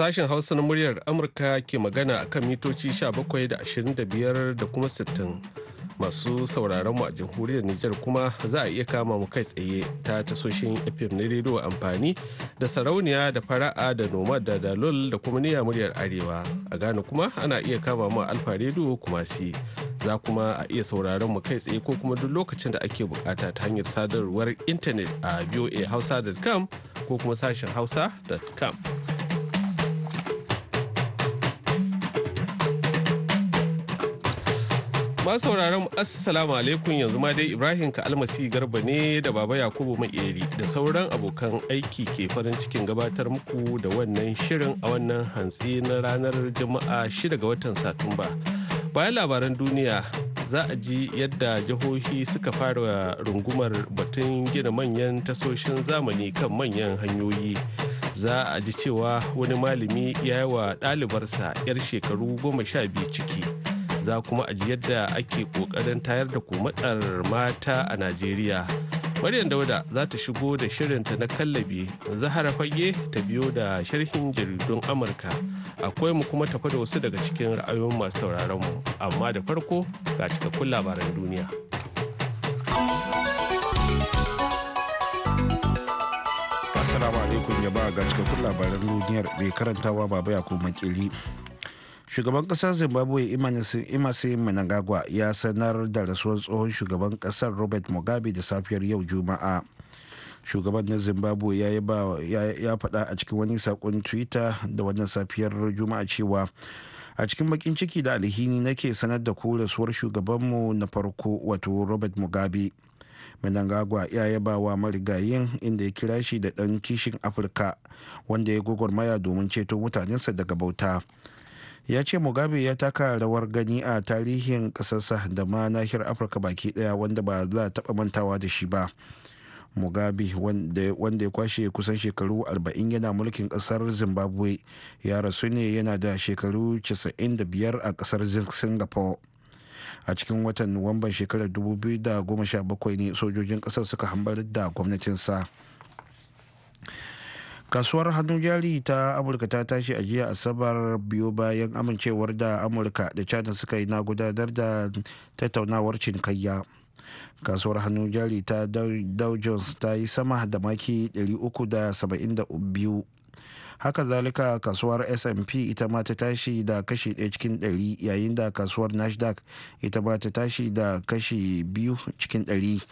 Sashen Hausa na muryar Amurka ke magana a kan mitoci 17 da 25 da kuma 60. Masu sauraron mu a jamhuriyar Nijar kuma za a iya kama mu kai tsaye ta tasoshin FM na rediyo amfani da sarauniya da fara'a da noma da dalol da kuma niyya muryar arewa. A gane kuma ana iya kama mu alfa rediyo kuma si. Za kuma a iya sauraron mu kai tsaye ko kuma duk lokacin da ake bukata ta hanyar sadarwar intanet a voahausa.com ko kuma sashen hausa.com. Ma sauraron assalamu alaikum yanzu ma dai Ibrahim ka almasi garba ne da Baba Yakubu Makeri da sauran abokan aiki ke farin cikin gabatar muku da wannan shirin a wannan hantsi na ranar jama'a 6 ga watan Satumba. Bayan labaran duniya za a ji yadda jihohi suka fara rungumar batun gina manyan tasoshin zamani kan manyan hanyoyi. Za a ji cewa wani malami ya yi wa ɗalibarsa 'yar shekaru goma sha biyu ciki. za kuma ajiyar da ake kokarin tayar da komatsar mata a najeriya maryam dauda za ta shigo da shirinta na kallabi zahara fage ta biyo da sharhin jaridun amurka akwai mu kuma tafa da wasu daga cikin ra'ayoyin masu sauraron mu amma da farko ga cikakkun labaran duniya assalamu alaikum ya ba ga cikakkun labaran duniyar mai karantawa baba ya kuma shugaban kasar zimbabwe imasi mnangagwa ya sanar da rasuwar tsohon shugaban kasar robert mugabe da safiyar yau juma'a shugaban na zimbabwe ya fada a cikin wani saƙon twitter da wannan safiyar juma'a cewa a cikin bakin ciki da alhini nake sanar da ku rasuwar shugabanmu na farko wato robert mugabe Mnangagwa ya yaba wa marigayin inda ya kira shi da dan kishin Afirka wanda ya gwagwarmaya domin ceto mutanensa daga bauta. ya ce mugabe ya taka rawar gani a tarihin kasarsa da ma nahiyar afirka baki daya wanda ba za a taba mantawa da shi ba mugabe wanda ya kwashe kusan shekaru 40 yana mulkin kasar zimbabwe ya rasu ne yana da shekaru 95 a kasar singapore a cikin watan nuwamban shekarar 2017 ne sojojin kasar suka hambar da gwamnatinsa. sa kasuwar hannun jari ta amurka ta tashi a jiya asabar biyu bayan amincewar da amurka da china suka yi na gudanar da tattaunawar cinikayya kasuwar hannun jari ta dow jones ta yi sama da maki 372 haka zalika kasuwar S&P ita ma ta tashi da kashi ɗaya cikin dari yayin da kasuwar Nasdaq ita ma ta tashi da kashi biyu cikin ɗari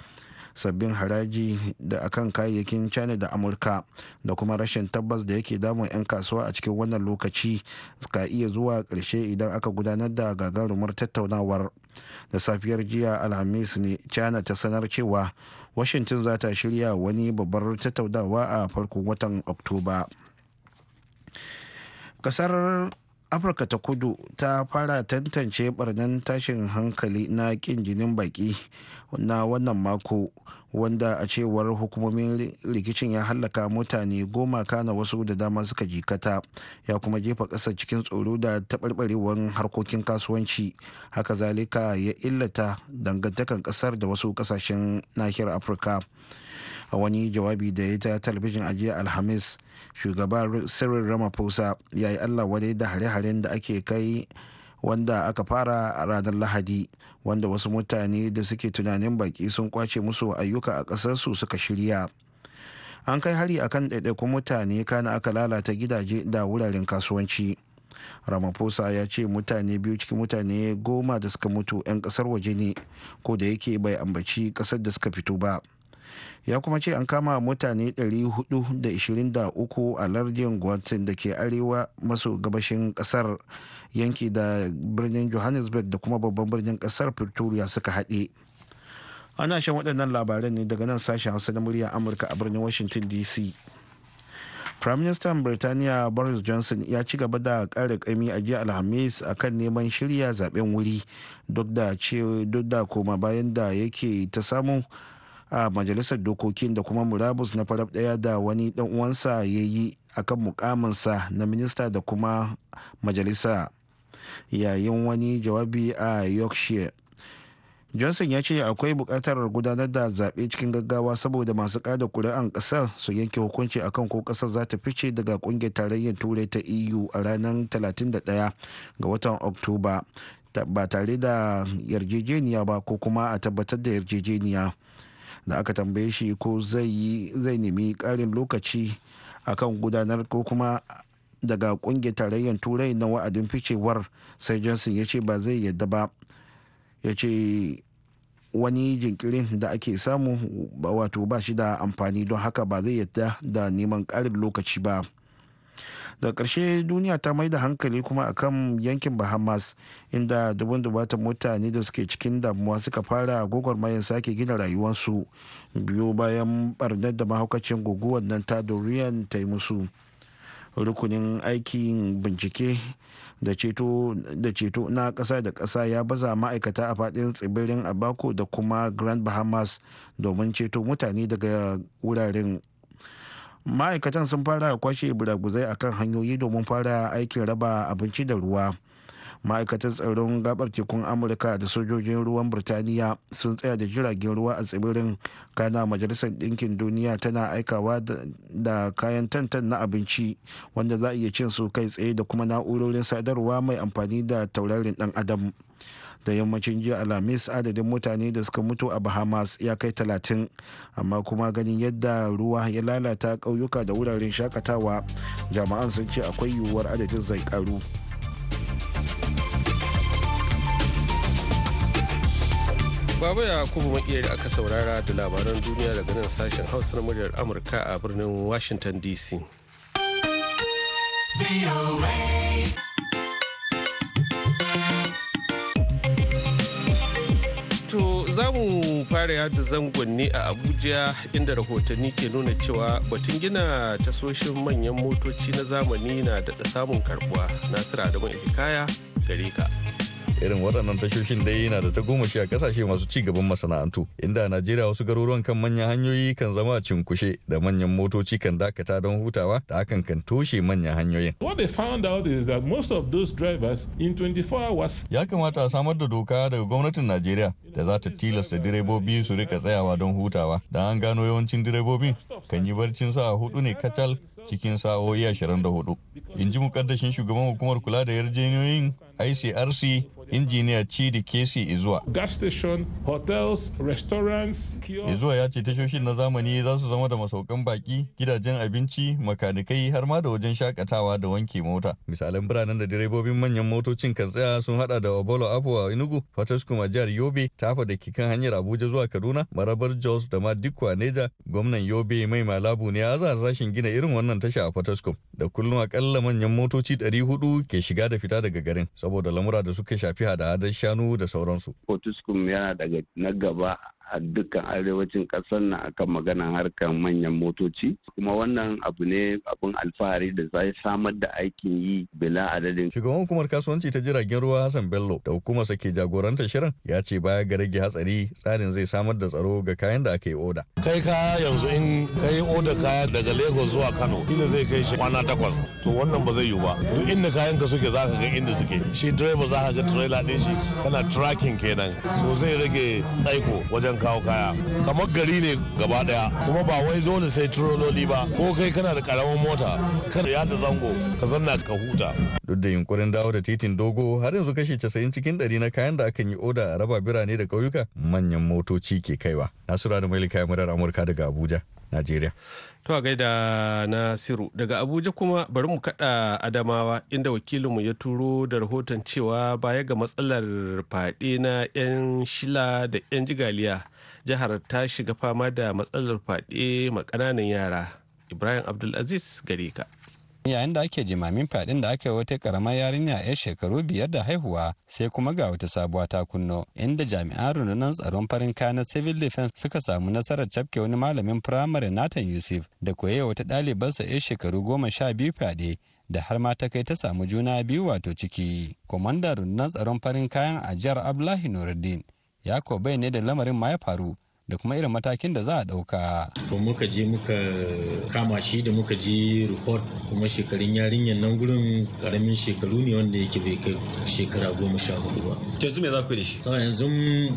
sabbin haraji da akan kayayyakin china da amurka da kuma rashin tabbas da yake damun 'yan kasuwa a cikin wannan lokaci ka iya zuwa ƙarshe idan aka gudanar da gagarumar tattaunawar da safiyar jiya alhamis ne china ta sanar cewa washington za ta shirya wani babbar tattaunawa a farkon watan oktoba kasar afirka ta kudu ta fara tantance barnan tashin hankali na kin jinin baki na wannan mako wanda a cewar hukumomin rikicin ya hallaka mutane goma kana wasu da dama suka jikata ya kuma jefa ƙasa cikin tsoro da taɓarɓarewar harkokin kasuwanci haka zalika ya illata dangantakan ƙasar da wasu ƙasashen nahiyar afirka a wani jawabi da ya ta talabijin a jiya alhamis shugaban sirrin ramaphosa ya yi allah wadai da hare-haren da ake kai wanda aka fara a ranar lahadi wanda wasu mutane da suke tunanin baki sun kwace musu ayyuka a ƙasarsu suka shirya an kai hari akan ɗaiɗaikun mutane kana aka lalata gidaje da wuraren kasuwanci ramaphosa ya ce mutane biyu cikin mutane goma da suka mutu 'yan ƙasar waje ne ko da yake bai ambaci ƙasar da suka fito ba ya kuma ce an kama mutane 423 a lardin Guantan da ke arewa maso gabashin kasar yanki da birnin johannesburg da kuma babban birnin kasar pretoria suka haɗe ana shan waɗannan labaran ne daga nan sashen hausa na murya amurka a birnin washington dc prime minister birtaniya boris johnson ya ci gaba da ƙara ƙami a jiya alhamis a kan neman shirya zaben wuri duk da koma bayan da yake ta samu a majalisar dokokin da kuma murabus na farab daya da wani dan uwansa ya yi akan mukaminsa na minista da kuma majalisa yayin wani jawabi a yorkshire johnson ya ce akwai bukatar gudanar da zaɓe cikin gaggawa saboda masu kada kuri'an ƙasar su yanke hukunci akan ko ƙasar za ta fice daga ƙungiyar tarayyar turai ta eu a ranar 31 ga watan oktoba ba tare da yarjejeniya ba ko kuma a tabbatar da yarjejeniya da aka tambaye shi ko zai nemi karin lokaci akan gudanar ko kuma daga kungiyar tarayyar turai na wa'adin ficewar sai johnson ya ce ba zai yadda ba ya ce wani jinkirin da ake samu wato ba shi da amfani don haka ba zai yadda da neman karin lokaci ba da ƙarshe duniya ta mai da hankali kuma akan yankin bahamas inda dubun dubatan mutane da suke cikin damuwa suka fara gwagwarmayar sake gina rayuwarsu biyu bayan barnar da mahaukacin guguwar nan ta dorian ta yi musu rukunin aikin bincike da ceto na ƙasa da kasa ya baza ma'aikata a faɗin tsibirin abako da kuma grand bahamas domin ceto mutane daga wuraren ma'aikatan sun fara kwashe buraguzai akan hanyoyi domin fara aikin raba abinci da ruwa ma'aikatan tsaron gabar tekun amurka da sojojin ruwan birtaniya sun tsaya da jiragen ruwa a tsibirin kana majalisar ɗinkin duniya tana aikawa da kayan tantan na abinci wanda za a iya cin su kai tsaye da kuma na'urorin sadarwa mai amfani da taurarin dan adam da yammacin jiya alhamis adadin mutane da suka mutu a bahamas ya kai talatin amma kuma ganin yadda ruwa ya lalata ƙauyuka da wuraren shakatawa jama'an sun ce akwai yiwuwar adadin zai karu Baba ya kuma makiyar aka saurara da labaran duniya daga nan sashen hausa na muryar amurka a birnin washington dc mu fara yada zangonni a Abuja inda rahotanni ke nuna cewa batun gina tasoshin manyan motoci na zamani na da samun karbuwa. Nasiru Adamu hikaya gare ka. Irin waɗannan tashoshin dai yana da ta goma a ƙasashe masu ci gaban masana'antu, inda Najeriya wasu garuruwan kan manyan hanyoyi kan zama cinkushe da manyan motoci kan dakata don hutawa da hakan kan toshe manyan hanyoyin. What they found out is that most of those drivers in 24 hours. Ya kamata a samar da doka daga gwamnatin Najeriya da za ta tilasta direbobi su rika tsayawa don hutawa, don an gano yawancin direbobin kan yi barcin sa'a hudu ne kacal cikin sa'o'i 24. In ji mukaddashin shugaban hukumar kula da yarjejeniyoyin icrc injiniya cidi kesi izuwa izuwa ya ce tashoshin na zamani za su zama da masaukan baki gidajen abinci makanikai har ma da wajen shakatawa da wanke mota misalan biranen da direbobin manyan motocin kan tsaya sun hada da obolo afo a inugu fataskum a jihar yobe tafa da kikan hanyar abuja zuwa kaduna marabar jos da ma dikwa neja gwamnan yobe mai malabu ne a rashin gina irin wannan tasha a fataskum da kullum akalla manyan motoci 400 ke shiga da fita daga garin saboda lamura da suka shafi hada-hadar shanu da sauransu. Fortiskum yana daga na gaba a dukkan arewacin ƙasar na akan maganan harkar manyan motoci kuma wannan abu ne abin alfahari da zai samar da aikin yi bila adadin. Shugaban hukumar kasuwanci ta jiragen ruwa Hassan Bello da hukumar sa ke jagorantar shirin ya ce baya ga rage hatsari tsarin zai samar da tsaro ga kayan da aka yi oda. Kai kaya yanzu in kai oda kaya daga Lagos zuwa Kano ina zai kai shi kwana takwas to wannan ba zai yiwu ba duk inda kayan ka suke za ka ga inda suke shi direba za ka ga trailer din shi kana tracking kenan so zai rage tsaiko wajen kawo kaya kamar gari ne gaba daya kuma ba wai zo da sai turololi ba ko kai kana da karamin mota kana da zango ka zanna ka huta duk da yunkurin dawo da titin dogo har yanzu kashi 90 cikin 100 na kayan da akan yi oda raba birane da ƙauyuka manyan motoci ke kaiwa nasura da mailika murar amurka daga abuja Najeriya. To a gaida Nasiru daga Abuja kuma bari mu kada Adamawa inda wakilinmu ya turo da rahoton cewa baya ga matsalar fyaɗe na 'yan shila da 'yan jigaliya jihar ta shiga fama da matsalar fyaɗe ma ƙananan yara. Ibrahim Abdulaziz gare ka. yayin da ake jimamin fadin da aka yi wata karamar yarinya yar shekaru biyar da haihuwa sai kuma ga wata sabuwa ta kunno inda jami'an rundunar tsaron farin kaya na civil defense suka samu nasarar cafke wani malamin firamare nathan yusuf da koyewa wata ɗalibarsa yar shekaru goma sha biyu fyaɗe da har ma ta kai ta samu juna biyu wato ciki kwamandan rundunar tsaron farin kayan a jihar abdullahi nuruddin ya ko bai ne da lamarin ma ya faru da kuma irin matakin da za a ɗauka. muka je muka kama shi da muka je report kuma shekarun yarinyar nan gurin karamin shekaru ne wanda yake bai kai shekara goma sha hudu ba. yanzu me za ku da shi? yanzu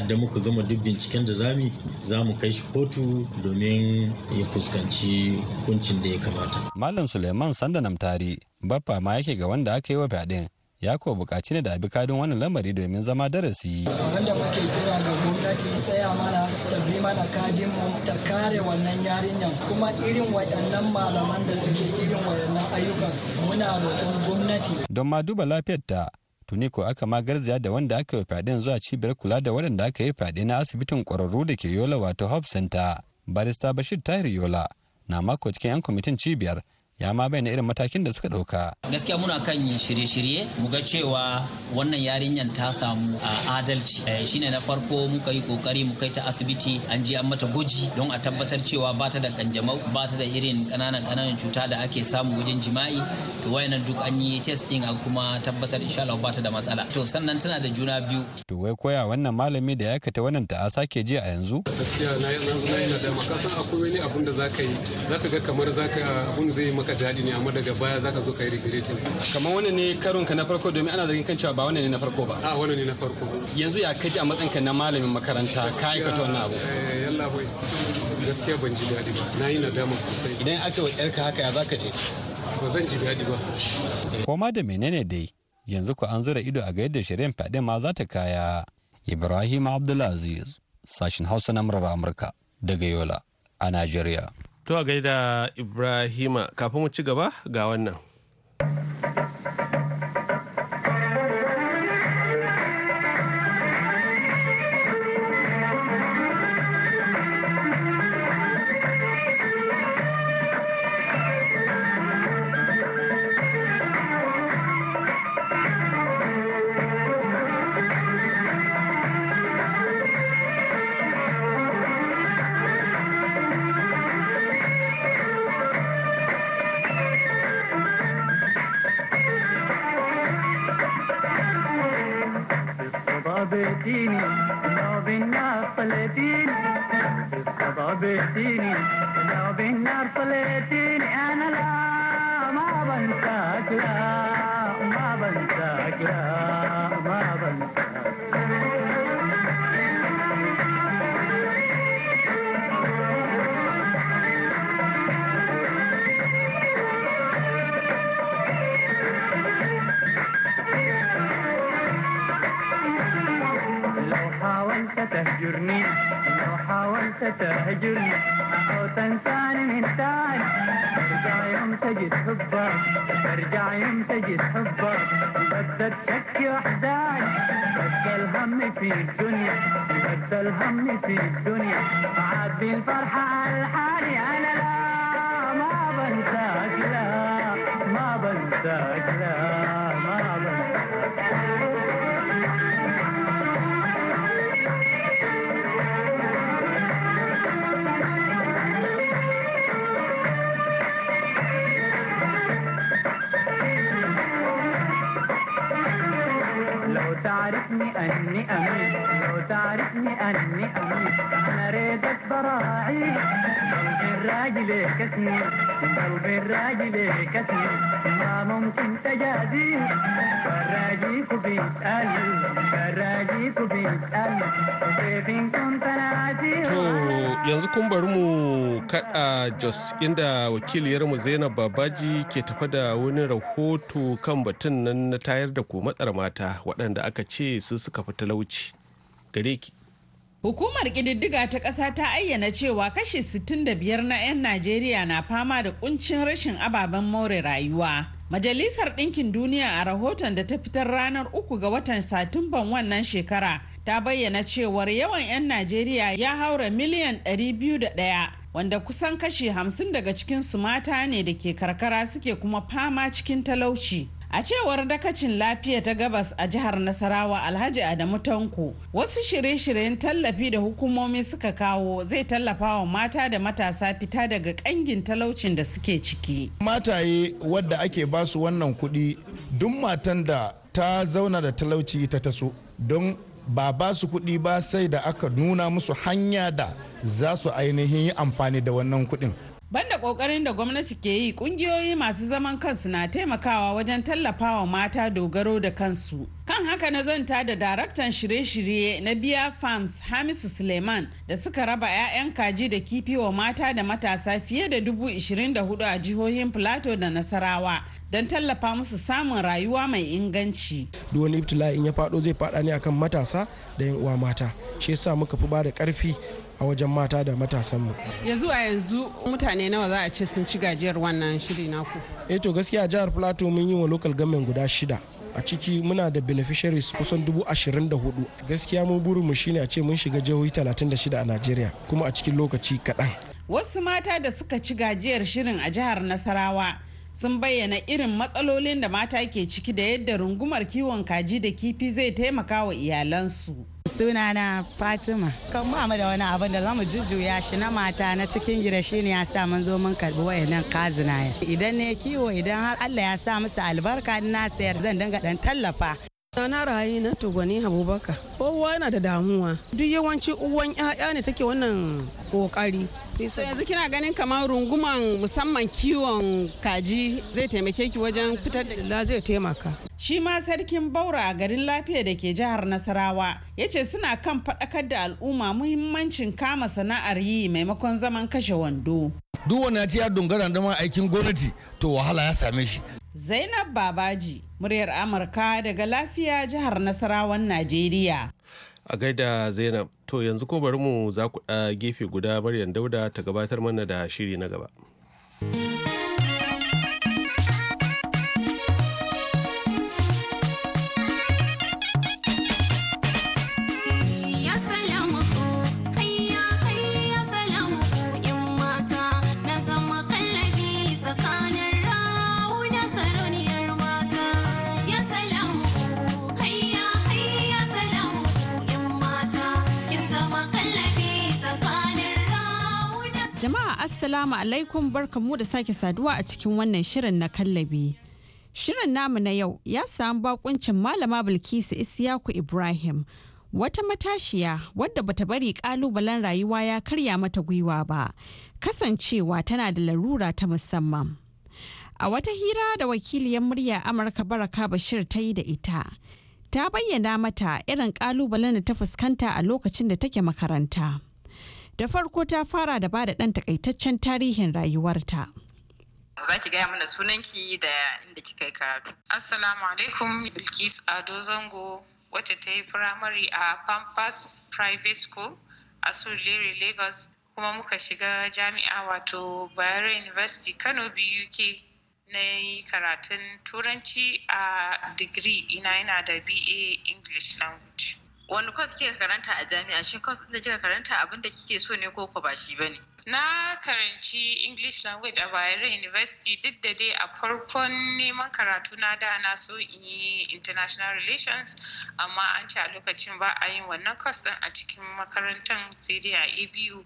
da muka gama duk binciken da zami za mu kai shi kotu domin ya fuskanci hukuncin da ya kamata. Malam Suleiman Sanda Namtari baffa ma yake ga wanda aka yi wa fyaɗen ya ko buƙaci ne da abi kadin wannan lamari domin zama darasi. Abin muke kira ga ce tsaya mana ta bi mana kadin ta kare wannan yarinyan kuma irin waɗannan malaman da suke irin waɗannan ayyukan muna roƙon gwamnati. Don ma duba lafiyar ta tuni ko aka ma garzaya da wanda aka yi fyaɗe zuwa cibiyar kula da waɗanda aka yi fyaɗe na asibitin ƙwararru da ke yola wato hope center barista bashir tahir yola na mako cikin 'yan kwamitin cibiyar ya ma bayyana irin matakin da suka ɗauka. Gaskiya muna kan shirye-shirye mu ga cewa wannan yarinyar ta samu adalci eh, shine na farko muka yi kokari mu kai ta asibiti an ji an mata goji. don a tabbatar cewa ba ta da kanjamau ba ta da irin ƙananan ƙananan cuta da ake samu wajen jima'i to wayannan duk an yi test din an kuma tabbatar insha Allah ba ta da matsala to sannan tana da juna biyu. To wai koya wannan malami da ya kata wannan ta'asa ke ji a yanzu? Gaskiya na yi na yi nadama kasan akwai wani abun da ka yi ka ga kamar ka abun zai maka ka jadi ne amma daga baya zaka zo ka yi regretting kamar wannan ne karon ka na farko domin ana zargin kan cewa ba wannan ne na farko ba a ah, wannan ne na farko yanzu ya kaji a matsayin ka na malamin makaranta ka aikata wannan abu eh yalla boy gaskiya ban ji dadi ba na nadama sosai idan aka wa ka haka ya zaka je ba zan ji daɗi ba koma da menene dai yanzu ku an zura ido a ga yadda shirin fadin ma za ta kaya ibrahim abdulaziz sashin hausa na murar amurka daga yola a najeriya To a gaida Ibrahima kafin mu ci gaba ga wannan. ناوبنا فلاتيني استضابتيني ناوبنا فلاتيني أنا لا ما بنساك لا ما بنساك لا ما بنساك تهجرني لو حاولت تهجرني أو تنساني من تاني ترجع يوم تجد حبك ترجع يوم تجد حبك بدت شكي وحداني بدل هم في الدنيا بدل هم في الدنيا عاد بالفرحة على حالي أنا لا ما بنساك لا ما بنساك لا anni anni lo tarni anni anni ريدك براعي yanzu kun bari mu kaɗa jos inda wakiliyarmu zainab babaji ke tafa da wani rahoto kan batun nan na tayar da matsar mata waɗanda aka ce su suka fi talauci gare ki Hukumar ƙididdiga ta ƙasa ta ayyana cewa kashi 65 na 'yan Najeriya na fama da kuncin rashin ababen more rayuwa. Majalisar Ɗinkin Duniya a rahoton da ta fitar ranar uku ga watan Satumban wannan shekara ta bayyana cewar yawan 'yan Najeriya ya haura miliyan 201 wanda kusan kashi 50 daga cikin su mata ne da ke karkara suke kuma fama cikin talauci. A cewar dakacin lafiya ta gabas a jihar Nasarawa Alhaji Adamu Tanko, wasu shirye-shiryen tallafi da hukumomi suka kawo zai tallafa wa mata da matasa fita daga kangin talaucin da suke ciki. Mataye wadda ake basu wannan kuɗi duk matan da ta zauna da talauci ta taso don ba ba su kuɗi ba sai da aka nuna musu hanya da za su ainihin yi amfani da wannan kuɗin Banda kokarin da gwamnati ke yi kungiyoyi masu zaman kansu na taimakawa wajen tallafawa mata dogaro da kansu. Kan haka na zanta da daraktan shirye-shirye na Biya Farms Hamisu Suleiman da suka raba 'ya'yan kaji da kifi wa mata da matasa fiye da dubu a jihohin Plateau da Nasarawa don tallafa musu samun rayuwa mai inganci. Duk wani in ya fado zai faɗa ne akan matasa da 'yan uwa mata. Shi yasa muka fi ba da karfi a wajen mata da matasanmu yanzu a yanzu mutane nawa za a ce sun ci gajiyar wannan shiri naku eh to gaskiya jihar plateau mun yi wa local government guda shida a ciki muna da beneficiaries kusan dubu ashirin da hudu gaskiya mun burin mu shine a ce mun shiga jihohi talatin da shida a najeriya kuma a cikin lokaci kaɗan wasu mata da suka ci gajiyar shirin a jihar nasarawa sun bayyana irin matsalolin da mata ke ciki da yadda rungumar kiwon kaji da kifi zai taimaka wa iyalansu Suna na Fatima. Kan ba mu da wani abin da zamu jujjuya shi na mata na cikin gida shine ya sa mun zo mun karbi wayannan kazina. Idan ne kiwo idan har Allah ya sa musu albarka na sayar zan dinga dan tallafa na rayu na tugwani abubakar kowa yana da damuwa duk yawanci uwan 'ya'ya ne take wannan kokari yanzu kina ganin kamar runguman musamman kiwon kaji zai taimake ki wajen fitar da la zai taimaka shi ma sarkin baura a garin lafiya da ke jihar nasarawa ya ce suna kan faɗakar da al'umma muhimmancin kama sana'ar yi maimakon zaman kashe wando duk wani ya ce ya dungara da aikin gwamnati to wahala ya same shi Zainab Babaji, muryar Amurka daga lafiya jihar Nasarawan Najeriya. A gaida Zainab, to yanzu ko bari mu za ku gefe guda Maryam Dauda ta gabatar mana da shiri na gaba. Jama'a Assalamu alaikum barkanmu da sake saduwa a cikin wannan shirin na kallabi. Shirin namu na yau ya samu bakuncin Malama Bilkisu Isiyaku Ibrahim, wata matashiya wadda bata bari kalubalen rayuwa ya karya mata gwiwa ba, kasancewa tana da larura ta musamman. A wata hira da wakiliyar murya Amurka Baraka Bashir ta yi da ita, ta bayyana mata irin kalubalen da ta fuskanta a lokacin da take makaranta. Da farko ta fara da bada ɗan takaitaccen tarihin rayuwarta. za ki gaya mana sunanki da inda kika yi karatu. Assalamu alaikum Bilkis Ado Zango wacce ta yi firamare a Pampas Private School a sulere Lagos kuma muka shiga jami'a wato Bayero University Kano BUK na yi karatun turanci a digiri ina yana da BA English Language. wani kwas kika karanta a jami'a shi kwas ɗin da kika karanta abin da kike so ne ko ba shi bane na karanci english language a bayero university duk da dai a farkon neman karatu na da na so in yi international relations amma an ce a lokacin ba a yin wannan kwas ɗin a cikin makarantar sai dai a abu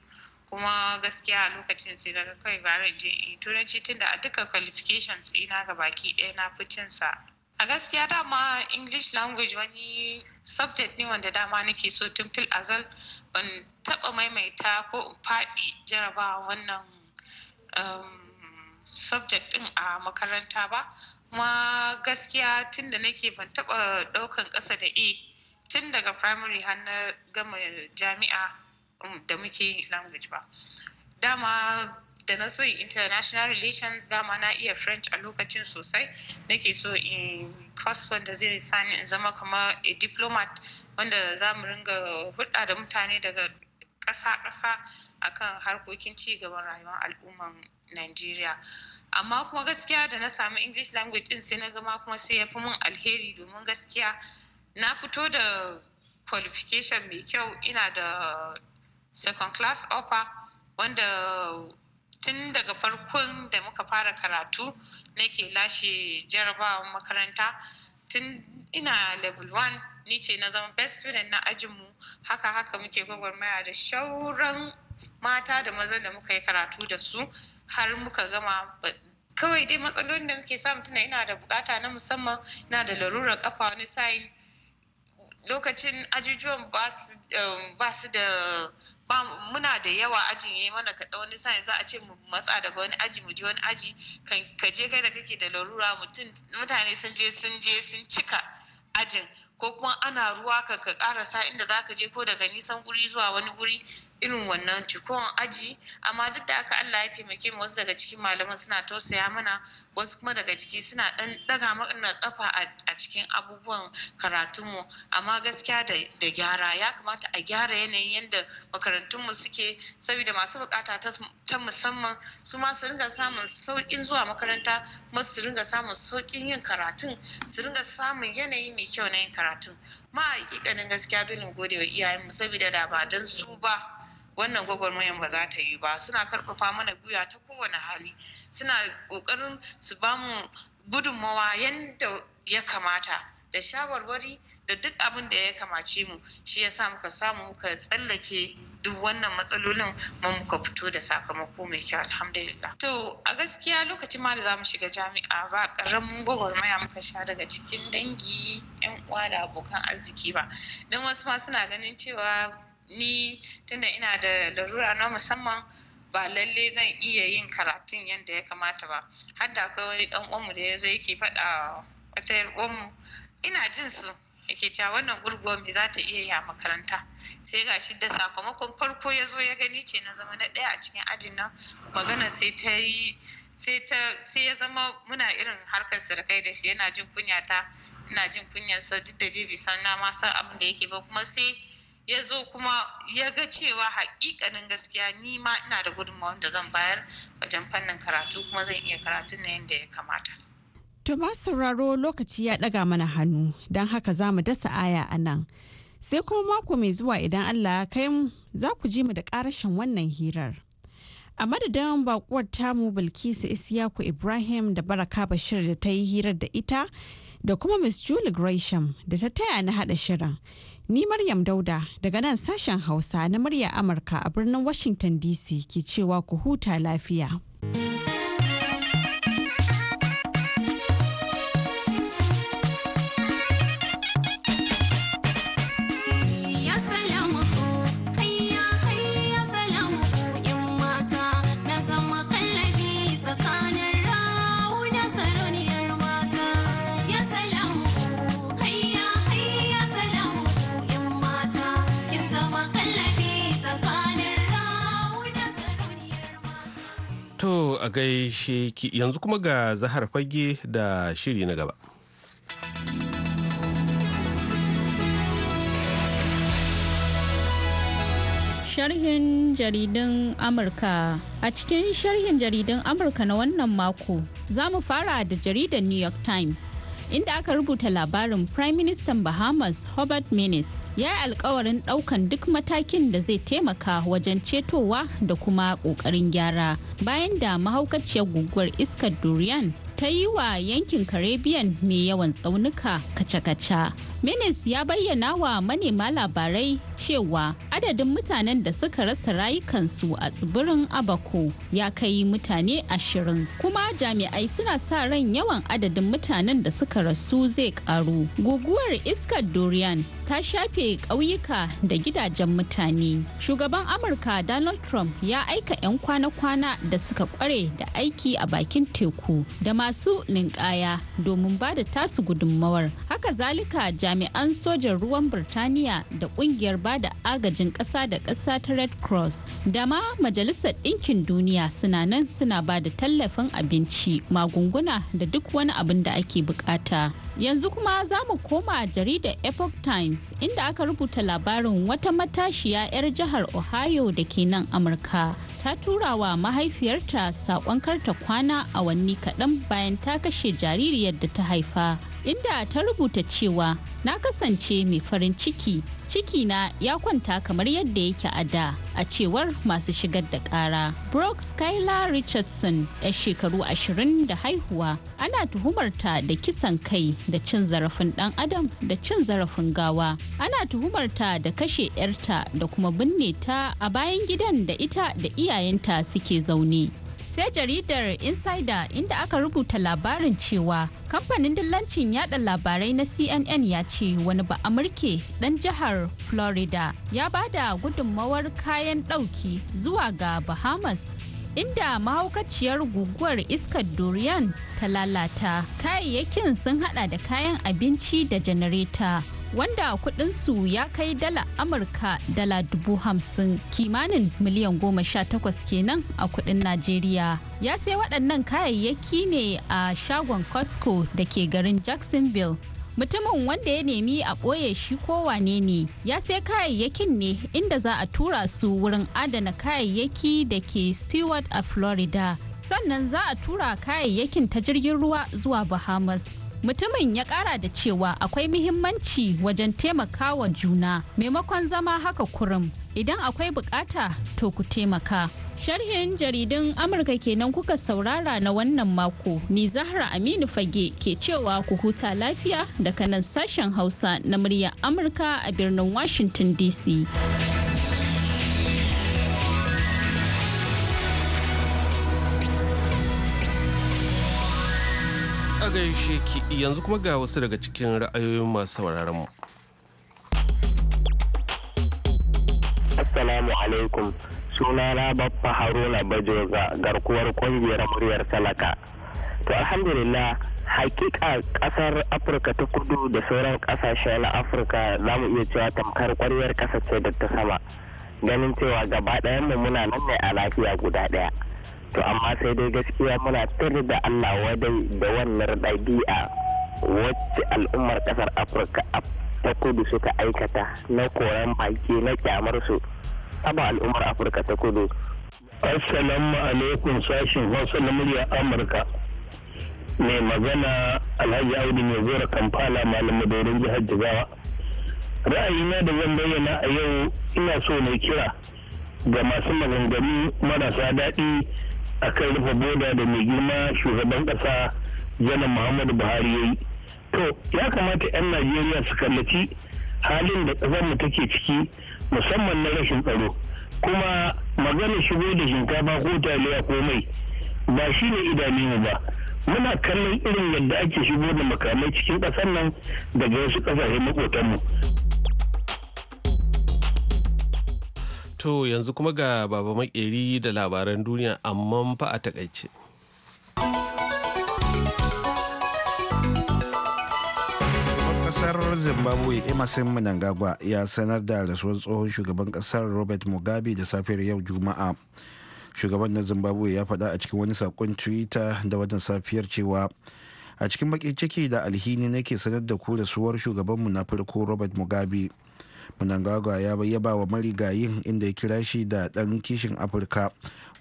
kuma gaskiya a lokacin sai daga kai bara je in turanci tunda a duka qualifications ina ga baki ɗaya na fi cinsa a gaskiya dama english language wani subject ne wanda dama nake so tun fil azal ban taba maimaita ko in faɗi jarabawa wannan um, subject din a makaranta ba Ma gaskiya tun da nake ban taba ɗaukan ƙasa da e tun daga primary har na gama jami'a um, da muke language ba dama da na so international relations dama na iya french a lokacin sosai nake so in course wanda zai sani in zama kamar a diplomat wanda za mu ringa hulɗa da mutane daga ƙasa-ƙasa akan harkokin ci gaban rayuwar al'umman Najeriya. Amma kuma gaskiya da na samu English language din sai na gama kuma sai ya fi mun alheri domin gaskiya na fito da qualification mai kyau ina da second class offer wanda tun daga farkon da muka fara karatu nake lashe jarabawan makaranta tun ina level 1 ni ce na zama best student na ajinmu haka haka muke gwagwarmaya da shauran mata da maza da muka yi karatu da su har muka gama kawai dai matsalolin da muke samu tuna ina da bukata na musamman ina da larurar kafa wani sa'in lokacin ajujuwan um, ba su da muna da yawa ajin yi mana kaɗa wani sa za a ce mu matsa daga wani aji mu je wani aji ka je kai da kake da larura mutane sun je sun je sun cika ajin ko kuma ana ruwa ka ka karasa inda za ka je ko daga nisan guri zuwa wani guri irin wannan cikon aji amma duk da aka Allah ya taimake mu wasu daga cikin malaman suna tausaya mana wasu kuma daga ciki suna dan daga mana kafa a cikin abubuwan karatun mu amma gaskiya da gyara ya kamata a gyara yanayin yadda makarantunmu mu suke saboda masu bukata ta musamman su ma su ringa samun saukin zuwa makaranta kuma su ringa samun saukin yin karatun su ringa samun yanayi mai mai kyau na yin karatun ma hakikanin gaskiya dole mu gode wa iyayenmu saboda da ba don su ba wannan gwagwarmayan ba za ta yi ba suna karfafa mana guya ta kowane hali suna kokarin su bamu gudunmawa yadda ya kamata da shawarwari da duk abin da ya kamace mu shi ya sa muka samu muka tsallake duk wannan matsalolin mu muka fito da sakamako mai kyau alhamdulillah to a gaskiya lokacin ma da za mu shiga jami'a ba karamin gwagwarmaya muka sha daga cikin dangi yan uwa da abokan arziki ba don wasu ma suna ganin cewa ni tunda ina da larura na musamman ba lalle zan iya yin karatun yadda ya kamata ba har da akwai wani dan uwanmu da ya zo yake faɗa wata ina jin su yake cewa wannan gurguwa me za ta iya yi a makaranta sai ga shi da sakamakon farko ya zo ya gani ce na zama na ɗaya a cikin ajin nan magana sai ta yi sai ya zama muna irin harkar sarkai da shi yana jin kunya ta ina jin kunyar sa duk da jibi san ma san abin da yake ba kuma sai ya zo kuma ya ga cewa haƙiƙanin gaskiya ni ma ina da gudunmawar da zan bayar wajen fannin karatu kuma zan iya karatun na yadda ya kamata. To masu sauraro lokaci ya ɗaga mana hannu don haka za mu dasa aya a nan. Sai kuma mako mai zuwa idan Allah ya kai mu za ku ji mu da ƙarashin wannan hirar. A madadin bakuwar tamu Bilkisu Isiyaku Ibrahim da Baraka Bashir da ta yi hirar da ita da kuma Miss Julie Gresham da ta taya na haɗa shirin. Ni Maryam Dauda daga nan sashen Hausa na murya Amurka a birnin Washington DC ke cewa ku huta lafiya. To a gaishe yanzu kuma ga Zahar Fage da shiri na gaba. sharhin jaridun Amurka. A cikin sharhin jaridan Amurka na wannan mako, za mu fara da jaridan New York Times. inda aka rubuta labarin prime minister bahamas hubert menes ya yi alkawarin daukan duk matakin da zai taimaka wajen cetowa da kuma kokarin gyara bayan da mahaukaciyar guguwar iskar durian ta yi wa yankin caribbean mai yawan tsaunuka kaca-kaca Minis ya bayyana wa manema labarai cewa adadin mutanen da suka rasa rayukansu a tsibirin Abako ya kai mutane ashirin kuma jami'ai suna sa ran yawan adadin mutanen da suka rasu zai karu. Guguwar iskar Dorian ta shafe ƙauyuka da gidajen mutane. Shugaban Amurka Donald Trump ya aika 'yan kwana-kwana da suka kware da aiki a bakin teku da masu ninkaya domin ba da tasu gudunmawar. Haka zalika jami'an sojan ruwan burtaniya da kungiyar bada agajin kasa da kasa ta Red Cross da ma Majalisar Ɗinkin Duniya suna nan suna ba da tallafin abinci, magunguna da duk wani abin da ake bukata. Yanzu kuma za mu koma jaridar Epoch Times inda aka rubuta labarin wata matashiya 'yar jihar Ohio da ke nan Amurka. Ta tura wa mahaifiyarta saƙon karta kwana a wanni kaɗan bayan ta kashe jaririyar da ta haifa. inda ta rubuta cewa na kasance mai farin ciki ciki na ya kwanta kamar yadda yake a da a cewar masu shigar da kara brooke skylar richardson ya shekaru ashirin da haihuwa ana tuhumarta da kisan kai da cin zarafin dan adam da cin zarafin gawa ana tuhumarta da kashe yarta da kuma binne ta a bayan gidan da ita da iyayenta suke zaune sai jaridar insider inda aka rubuta labarin cewa kamfanin dillancin yada labarai na cnn ya ce wani ba amurke dan jihar florida ya ba da gudunmawar kayan dauki zuwa ga bahamas inda mahaukaciyar guguwar iskar dorian ta lalata kayayyakin sun hada da kayan abinci da janareta wanda su ya kai dala amurka dala dubu hamsin kimanin miliyan goma sha takwas kenan a kudin najeriya ya sai waɗannan kayayyaki ne a shagon costco da ke garin jacksonville mutumin wanda ya nemi a ɓoye shi kowane ne ya sai kayayyakin ne inda za a tura su wurin adana kayayyaki da ke stewart a florida sannan za a tura kayayyakin ta jirgin ruwa zuwa bahamas mutumin ya kara da cewa akwai muhimmanci wajen taimakawa juna maimakon zama haka kurum idan akwai bukata to ku taimaka sharhin jaridun amurka kenan kuka saurara na wannan mako ni zahra aminu fage ke cewa ku huta lafiya daga nan sashen hausa na murya amurka a birnin washington dc gaishe ki yanzu kuma ga wasu daga cikin ra'ayoyin masu sauraron mu. Assalamu alaikum. Sunana Baffa Haruna Bajoga garkuwar kungiyar muryar talaka. To alhamdulillah hakika kasar Afirka ta kudu da sauran kasashe na Afirka za mu iya cewa tamkar kwaryar kasa ce da ta sama. Ganin cewa gaba ɗayan mu muna nan ne a lafiya guda ɗaya. to amma sai dai gaskiya muna tare da allah wadai da wannan ɗabi'a wacce al'ummar ƙasar afirka ta kudu suka aikata na koyan baki na kyamar su saba al'ummar afirka ta kudu assalamu alaikum sashin hausa na murya amurka mai magana alhaji audu mai zora kamfala malam madorin jihar jigawa ra'ayina da zan bayyana a yau ina so na kira ga masu maganganu marasa daɗi a akan rufe boda da mai girma shugaban kasa janar muhammadu buhari ya yi to ya kamata 'yan najeriya su kallaci halin da mu take ciki musamman na rashin tsaro kuma magana shigo da shinkafa ko taliya ko mai ba shi ne idanu ba muna kallon irin yadda ake shigo da makamai cikin ƙasar nan daga wasu ƙasashen maƙotanmu. To yanzu kuma ga baba makeri da labaran duniya amma fa a takaice. kasar zimbabwe emerson mnangagwa ya sanar da rasuwar tsohon shugaban kasar robert mugabe da safiyar yau juma'a shugaban na zimbabwe ya faɗa a cikin wani saƙon twitter da wajen safiyar cewa a cikin baƙin ciki da alhini nake sanar da ku rasuwar shugabanmu na farko robert mugabe Munangagwa ya yaba wa marigayin inda ya kira shi da ɗan kishin Afirka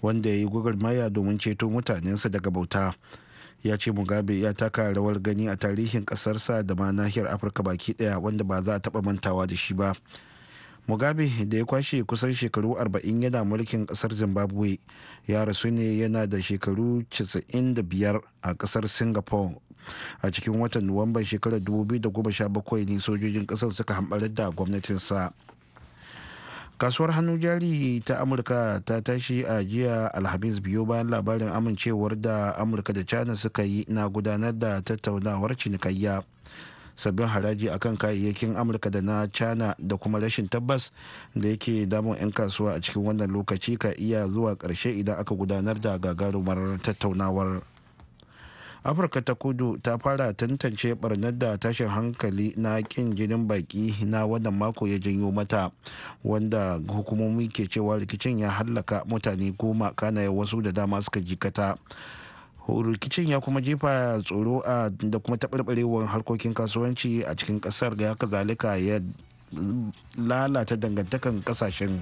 wanda ya yi gwagwarmaya domin ceto mutanensa daga bauta. ya ce mugabe ya taka rawar gani a tarihin ƙasarsa da ma nahiyar afirka baki ɗaya wanda ba za a taɓa mantawa da shi ba mugabe da ya kwashe kusan shekaru 40 yana mulkin ƙasar zimbabwe ya rasu ne yana da shekaru 95 a ƙasar singapore a cikin watan nuwamban shekarar 2017 ne sojojin kasar suka hambarar da gwamnatinsa kasuwar hannu jari ta amurka ta tashi a jiya alhamis biyu bayan labarin amincewar da amurka da china suka yi na gudanar da tattaunawar cinikayya sabbin haraji a kan kayayyakin amurka da na china da kuma rashin tabbas da yake damun 'yan kasuwa a cikin wannan lokaci ka iya zuwa ƙarshe idan aka gudanar da gagarumar tattaunawar. afirka ta kudu ta fara tantance barnar da tashin hankali na kin jinin baki na wannan mako ya janyo mata wanda hukumomi ke cewa rikicin ya hallaka mutane goma kana ya wasu da dama suka jikata rikicin ya kuma jefa tsoro a da kuma taɓarɓarewar harkokin kasuwanci a cikin ƙasar ga haka zalika ya lalata dangantakan ƙasashen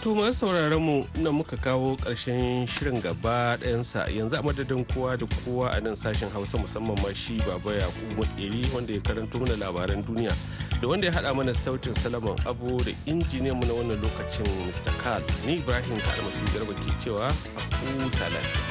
To masu sauraron mu na muka kawo ƙarshen shirin gaba ɗayansa yanzu a madadin kowa da kowa a nan sashen Hausa musamman ma shi Baba Yakubu Makeri wanda ya karanto mana labaran duniya da wanda ya haɗa mana sautin Salaman abu da injiniyan mu na wannan lokacin Mr. Carl ni Ibrahim Kalmasi Garba ke cewa a huta lafiya.